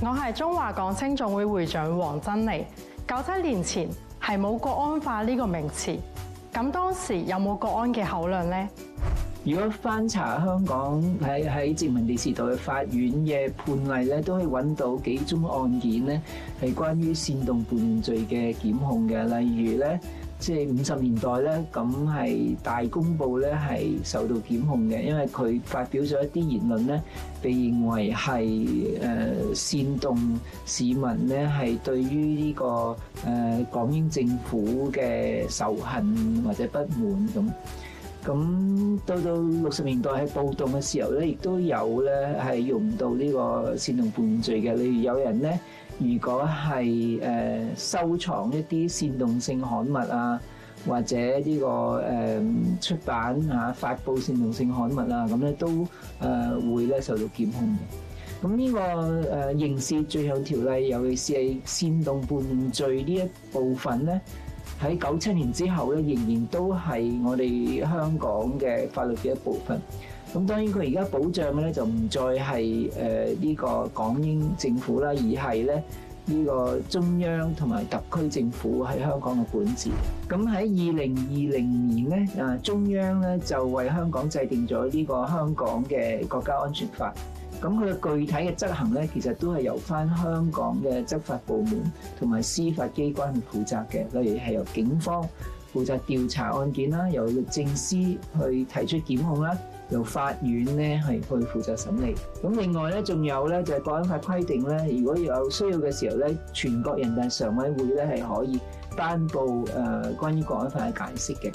我係中華港青總會會長王珍妮。九七年前係冇國安法呢個名詞，咁當時有冇國安嘅考量咧？如果翻查香港喺喺殖民地時代嘅法院嘅判例咧，都可以揾到幾宗案件咧，係關於煽動叛罪嘅檢控嘅。例如咧，即係五十年代咧，咁係大公報咧係受到檢控嘅，因為佢發表咗一啲言論咧，被認為係誒。煽動市民咧，係對於呢個誒港英政府嘅仇恨或者不滿咁。咁到到六十年代喺暴動嘅時候咧，亦都有咧係用到呢個煽動叛亂罪嘅。例如有人咧，如果係誒收藏一啲煽動性刊物啊，或者呢個誒出版吓發佈煽動性刊物啊，咁咧都誒會咧受到檢控嘅。咁呢個誒刑事罪行條例，尤其是係煽動叛罪呢一部分咧，喺九七年之後咧，仍然都係我哋香港嘅法律嘅一部分。咁當然佢而家保障嘅咧，就唔再係誒呢個港英政府啦，而係咧。呢個中央同埋特區政府喺香港嘅管治。咁喺二零二零年咧，啊中央咧就為香港制定咗呢個香港嘅國家安全法。咁佢嘅具體嘅執行咧，其實都係由返香港嘅執法部門同埋司法機關去負責嘅。例如係由警方負責調查案件啦，由律政司去提出檢控啦。由法院咧係去負責審理，咁另外咧仲有咧就係《國安法》規定咧，如果有需要嘅時候咧，全國人大常委會咧係可以頒布誒關於《國安法》嘅解釋嘅。